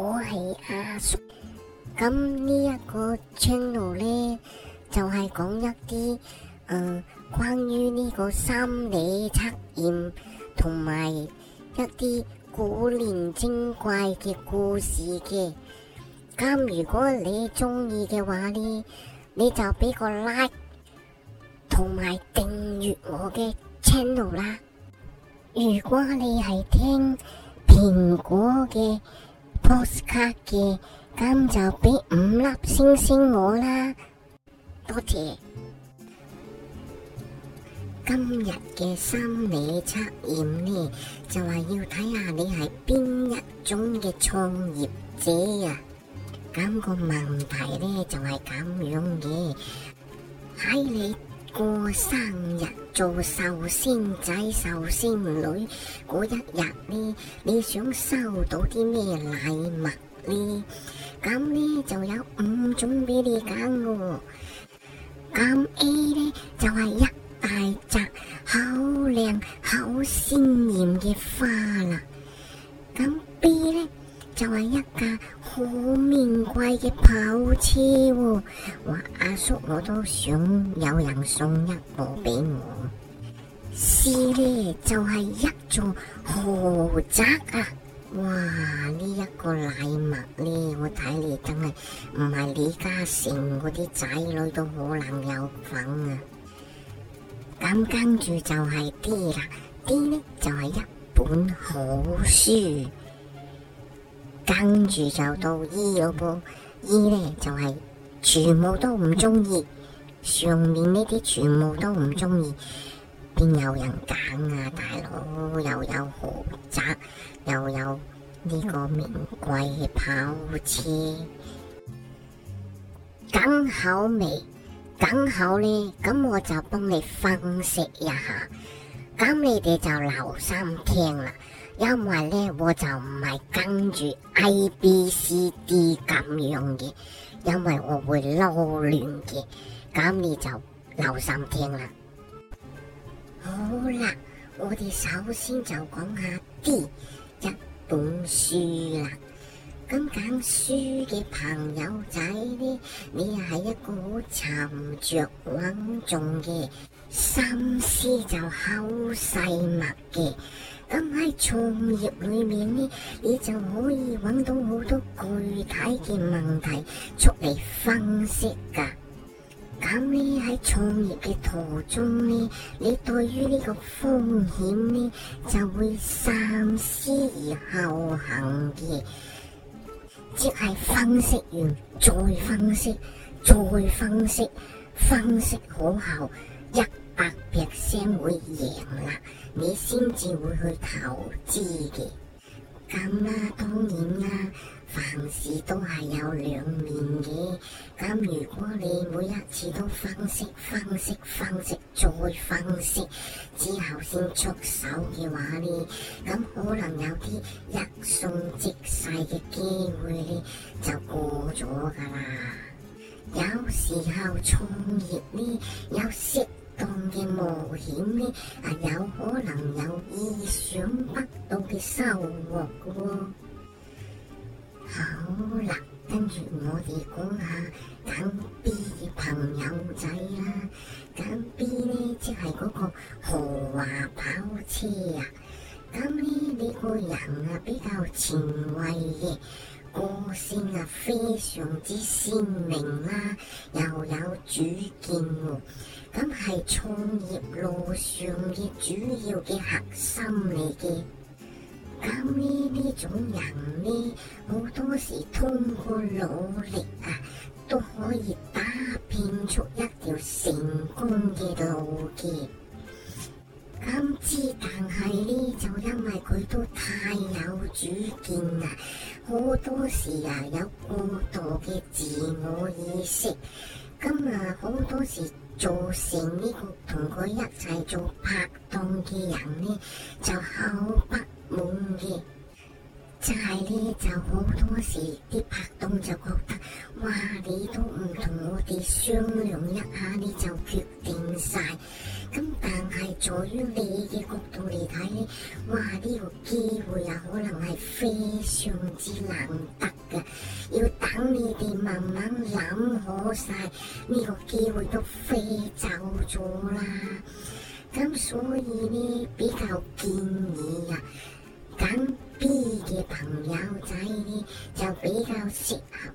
我係阿叔，咁呢、就是、一個 channel 呢就係講一啲誒關於呢個心理測驗同埋一啲古靈精怪嘅故事嘅。咁如果你中意嘅話呢，你就俾個 like 同埋訂閱我嘅 channel 啦。如果你係聽蘋果嘅。podcast 嘅，咁就畀五粒星星我啦，多謝。今日嘅心理測驗呢，就係要睇下你係邊一種嘅創業者啊。咁、個問題呢，就係、是、咁樣嘅，喺你過生日做壽星仔、壽星女嗰一日咧，你想收到啲咩禮物咧？咁咧就有五種俾你揀個，咁 A 咧就係一。我都想有人送一個俾我呢，C 咧就係、是、一座豪宅啊！哇，呢、這、一個禮物咧，我睇嚟真係唔係李嘉誠嗰啲仔女都可能有份啊 D D！咁跟住就係啲啦，啲呢就係一本好書，跟住就到醫囉噃，醫、e、咧就係、是。全部都唔中意，上面呢啲全部都唔中意，邊有人揀啊？大佬又有豪宅，又有呢個名貴嘅跑車，咁好味，咁好呢，咁我就幫你分析一下，咁你哋就留心聽啦。因為呢，我就唔係跟住 A、B、C、D 咁樣嘅。因為我會嬲亂嘅，咁你就留心聽啦。好啦，我哋首先就講下啲一本書啦。咁揀書嘅朋友仔呢，你係一個好沉着穩重嘅，心思就好細密嘅。咁喺創業裏面呢，你就可以揾到好多具體嘅問題出嚟分析㗎。咁呢喺創業嘅途中呢，你對於呢個風險呢，就會三思而後行嘅，即係分析完再分析，再分析，分析好後一。百 percent 會贏啦，你先至會去投資嘅。咁啦、啊，當然啦、啊，凡事都係有兩面嘅。咁如果你每一次都分析、分析、分析、分析再分析之後先出手嘅話呢，咁可能有啲一送即逝嘅機會呢，就過咗㗎喇。有時候創業呢，有識。嘅冒險咧，啊，有可能有意想不到嘅收穫嘅喎。好啦，跟住我哋講下揀 B 嘅朋友仔啦、啊。揀 B 咧即係嗰個豪華跑車啊。咁咧，呢個人啊比較前衛嘅。個性啊非常之鮮明啦、啊，又有主見、啊，咁係創業路上嘅主要嘅核心嚟嘅。咁呢呢種人呢，好多時通過努力啊，都可以打拼出一條成功嘅路嘅。深知，但係呢，就因為佢都太有主見啦，好多時啊有過度嘅自我意識，咁啊好多時做成呢、這個同佢一齊做拍檔嘅人呢，就好不滿嘅。就係咧，就好多時啲拍檔就覺得，哇！你都唔同我哋商量一下，你就決定晒。咁但係在於你嘅角度嚟睇咧，哇！呢個機會啊，可能係非常之難得㗎，要等你哋慢慢諗好晒，呢個機會都飛走咗啦。咁所以呢，比較建議啊，咁。B 嘅朋友仔咧就比較適合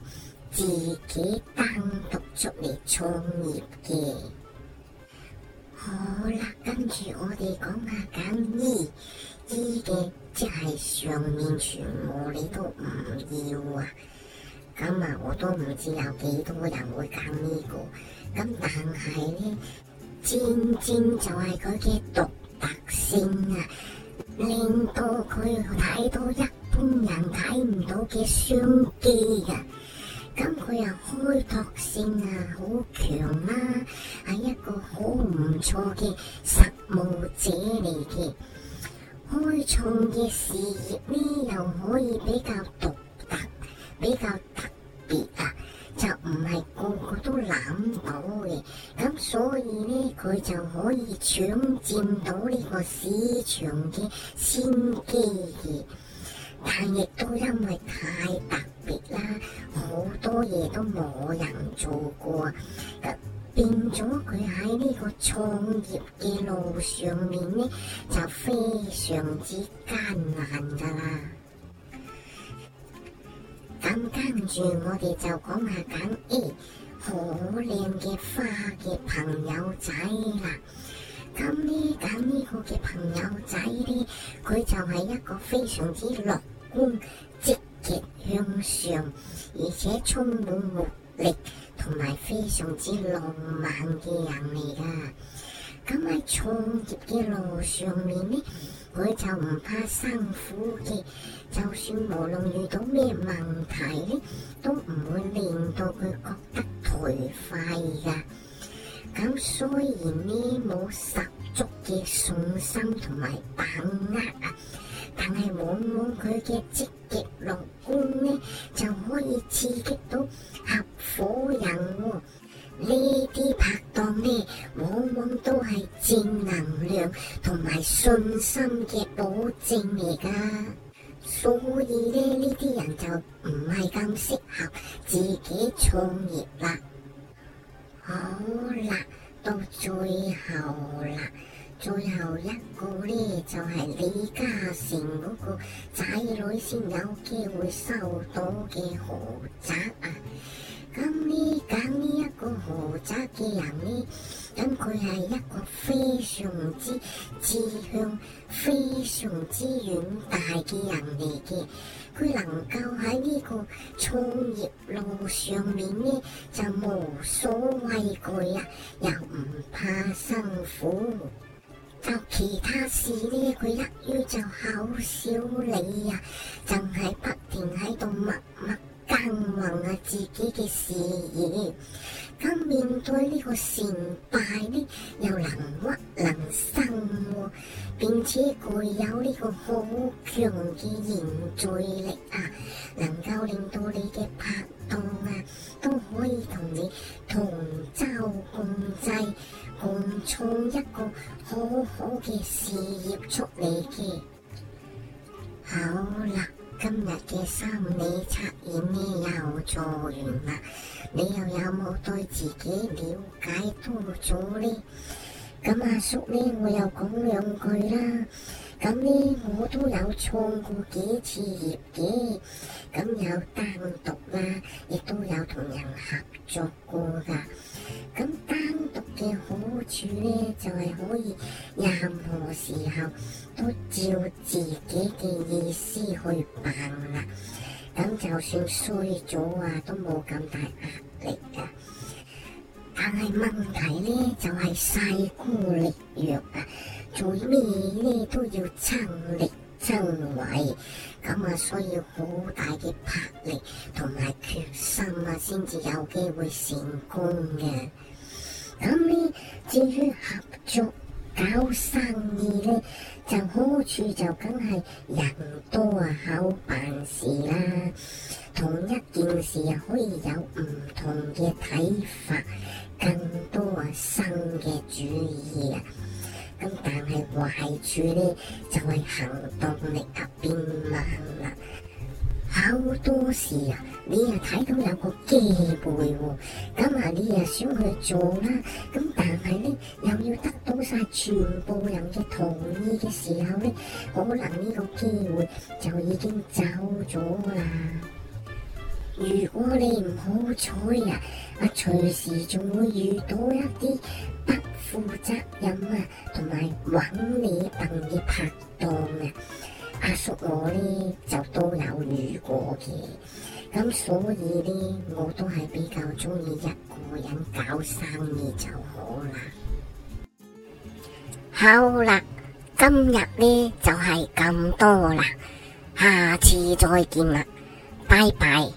自己單獨出嚟創業嘅。好啦，跟住我哋講下揀 E，E 嘅即係上面全部你都唔要啊。咁、嗯、啊，我都唔知有幾多人會揀呢個。咁、嗯、但係咧，正正就係佢嘅獨特性啊，令到佢睇到一般人睇唔到嘅商機啊！咁佢又開拓性啊，好強啦、啊，係一個好唔錯嘅實務者嚟嘅，開創嘅事業呢又可以比較獨特，比較特別啊！所以咧，佢就可以搶佔到呢個市場嘅先機，但亦都因為太特別啦，好多嘢都冇人做過，變咗佢喺呢個創業嘅路上面咧，就非常之艱難噶啦。咁跟住我哋就講下緊。好靚嘅花嘅朋友仔啦，咁呢咁呢個嘅朋友仔呢，佢就係一個非常之樂觀、積極向上，而且充滿活力，同埋非常之浪漫嘅人嚟噶。咁喺創業嘅路上面呢，佢就唔怕辛苦嘅，就算無論遇到咩問題呢，都唔會令到佢覺得。頹廢噶，咁雖然呢冇十足嘅信心同埋把握啊，但係往往佢嘅積極樂觀呢就可以刺激到合伙人喎，呢啲拍檔呢往往都係正能量同埋信心嘅保證嚟噶，所以咧呢啲人就唔係咁適合自己創業啦。好啦，到最後啦，最後一個咧就係、是、李嘉誠個仔女先有機會收到嘅豪宅啊！咁呢咁呢。嘅人呢，咁佢係一個非常之志向、非常之遠大嘅人嚟嘅。佢能夠喺呢個創業路上面呢，就無所畏懼啊，又唔怕辛苦。就其他事呢，佢一於就好少理啊，就喺不停喺度默默。耕耘啊自己嘅事業，咁面對呢個成敗呢，又能屈能伸啊，並且具有呢個好強嘅凝聚力啊，能夠令到你嘅拍檔啊都可以同你同舟共濟，共創一個好好嘅事業出嚟嘅，好啦。今日嘅心理測驗呢，又做完啦，你又有冇對自己了解多咗呢？咁阿叔呢，我又講兩句啦，咁呢，我都有創過幾次業嘅，咁有單獨啦，亦都有同人合作過噶，咁。嘅好處咧就係、是、可以任何時候都照自己嘅意思去辦啦，咁就算衰咗啊，都冇咁大壓力噶、啊。但係問題咧就係勢孤力弱啊，做咩嘢咧都要親力親為，咁啊需要好大嘅魄力同埋決心啊，先至有機會成功嘅。至於合作搞生意咧，就好處就梗係人多啊，好辦事啦。同一件事啊，可以有唔同嘅睇法，更多啊新嘅主意啊。咁但係壞處咧，就係、是、行動力特別多時啊，啊，啊！你啊睇到有個機會，咁啊你啊想去做啦，啊，咁、啊、但係呢，又要得到晒全部人嘅同意嘅時候呢，可能呢個機會就已經走咗啦。如果你唔好彩啊，啊隨時仲會遇到一啲不負責任啊同埋揾你笨嘅拍檔啊！阿、啊、叔我呢就都有遇過嘅，咁所以呢，我都係比較鍾意一個人搞生意就好啦。 好啦，今日呢就係、是、咁多啦，下次再見啦，拜拜。